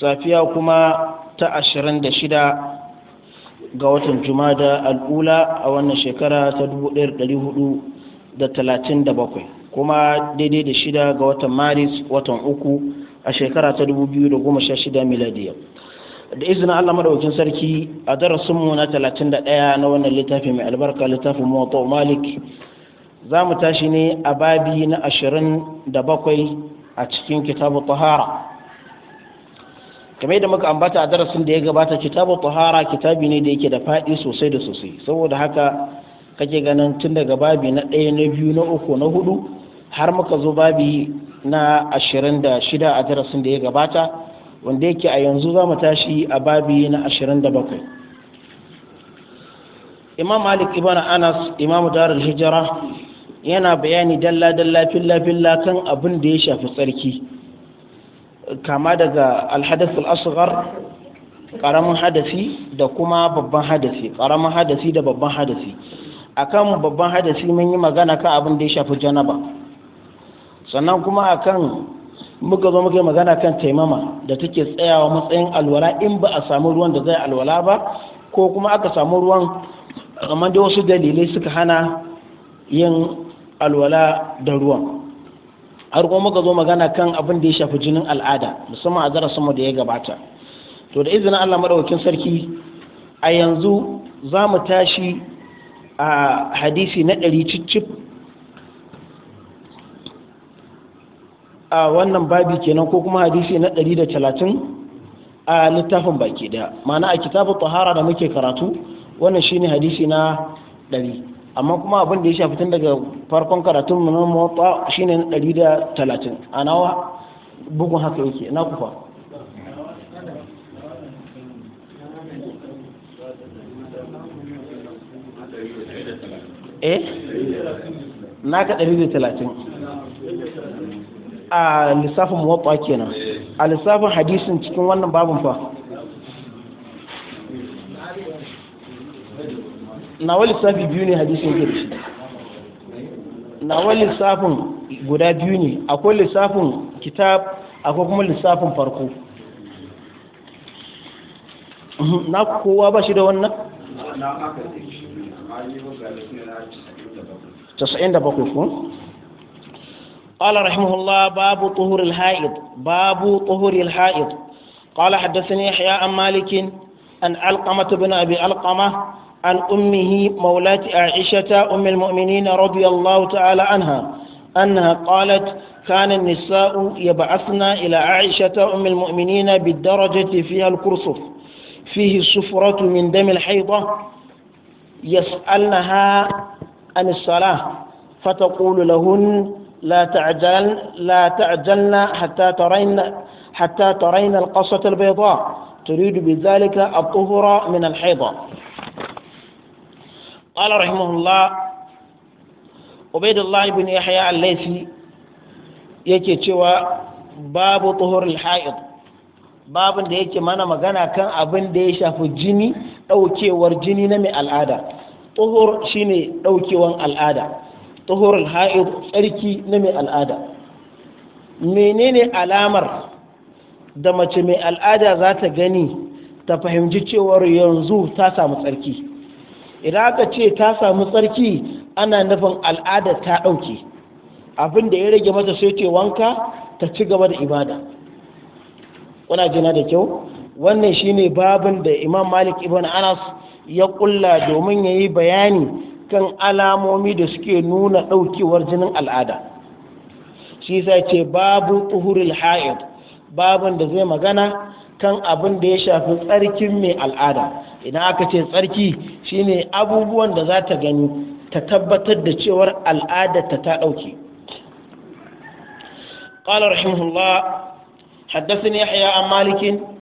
safiya kuma ta ashirin da shida ga watan jumada al'ula a wannan shekara ta da talatin bakwai, kuma daidai da shida ga watan maris watan uku a shekara ta shida miladiya da izinin allah madaukin sarki a darasinmu na ɗaya na wannan littafi mai albarka littafin mawata malik za mu tashi ne a babi na ashirin da bakwai a cikin kitabu tahara kamar yadda muka ambata a darasin da ya gabata kitabu tahara kitabi ne da yake da faɗi sosai da sosai saboda haka kake ganin tun daga babi na ɗaya na biyu na uku na hudu har muka zo babi na ashirin da shida a darasin da ya gabata wanda yake a yanzu za mu tashi a babi na ashirin da bakwai imam malik ibn anas imam darul hijira yana bayani dalla dalla filla filla kan abin da ya shafi tsarki kama daga alhadasul asghar karamin hadasi da kuma babban hadasi karamin hadasi da babban hadasi akan babban hadasi mun yi magana kan abin da ya shafi janaba sannan kuma akan muka zo muka yi magana kan taimama da take tsayawa matsayin alwala in ba a samu ruwan da zai alwala ba ko kuma aka samu ruwan kamar da wasu dalilai suka hana yin alwala da ruwan har kuma muka zo magana kan abin da ya shafi jinin al'ada musamman a sama da ya gabata to da izinin allah maɗaukin sarki a yanzu za mu tashi a hadisi na ɗari ciccip a wannan babi kenan ko kuma hadisi na ɗari da talatin a littafin baki ɗaya ma'ana a kitabun tahara da muke karatu wannan shine hadisi na ɗari amma kuma abin da ya shafi tun daga farkon karatun mu na motsa shine na ɗari da talatin a nawa bugun haka yake na kufa eh na ka ɗari da talatin a lissafin motsa kenan a lissafin hadisin cikin wannan babin fa nawa lissafi biyu ne hadisin ke da shi nawa lissafin guda biyu ne akwai lissafin kitab akwai kuma lissafin farko mhm, na kowa ba shi da wannan? tasa'in da bakwai kun? قال رحمه الله باب طهور الحائض باب طهور الحائض قال حدثني يحيى عن مالك عن علقمة بن أبي علقمة عن أمه مولاة عائشة أم المؤمنين رضي الله تعالى عنها أنها قالت كان النساء يبعثن إلى عائشة أم المؤمنين بالدرجة فيها الكرسف فيه صفرة من دم الحيضة يسألنها عن الصلاة فتقول لهن لا تعجل لا تعجلن حتى ترين حتى ترين القصة البيضاء تريد بذلك الطهر من الحيضة قال رحمه الله عبيد الله بن yake cewa babu tuhurul ha'id babin da yake mana magana kan abin da ya shafi jini ɗaukewar jini na mai al'ada tuhur shine ɗaukewar al'ada tuhurul ha'id tsarki na mai al'ada menene alamar da mace mai al'ada za ta gani ta fahimci cewar yanzu ta samu tsarki idan aka ce ta samu tsarki ana nufin al'adar ta ɗauke abin da ya rage mata sai ce wanka ta ci gaba da ibada kuna jina da kyau wannan shine babin da imam malik ibn anas ya kulla domin ya yi bayani kan alamomi da suke nuna ɗaukewar jinin al'ada shi sai ce babu tuhuril ha'id babin da zai magana kan abin da ya shafi tsarkin mai al'ada idan aka ce tsarki shine abubuwan da za ta gani ta tabbatar da cewar al'adarta ta ɗauke قال رحمه الله حدثني يحيى عن مالك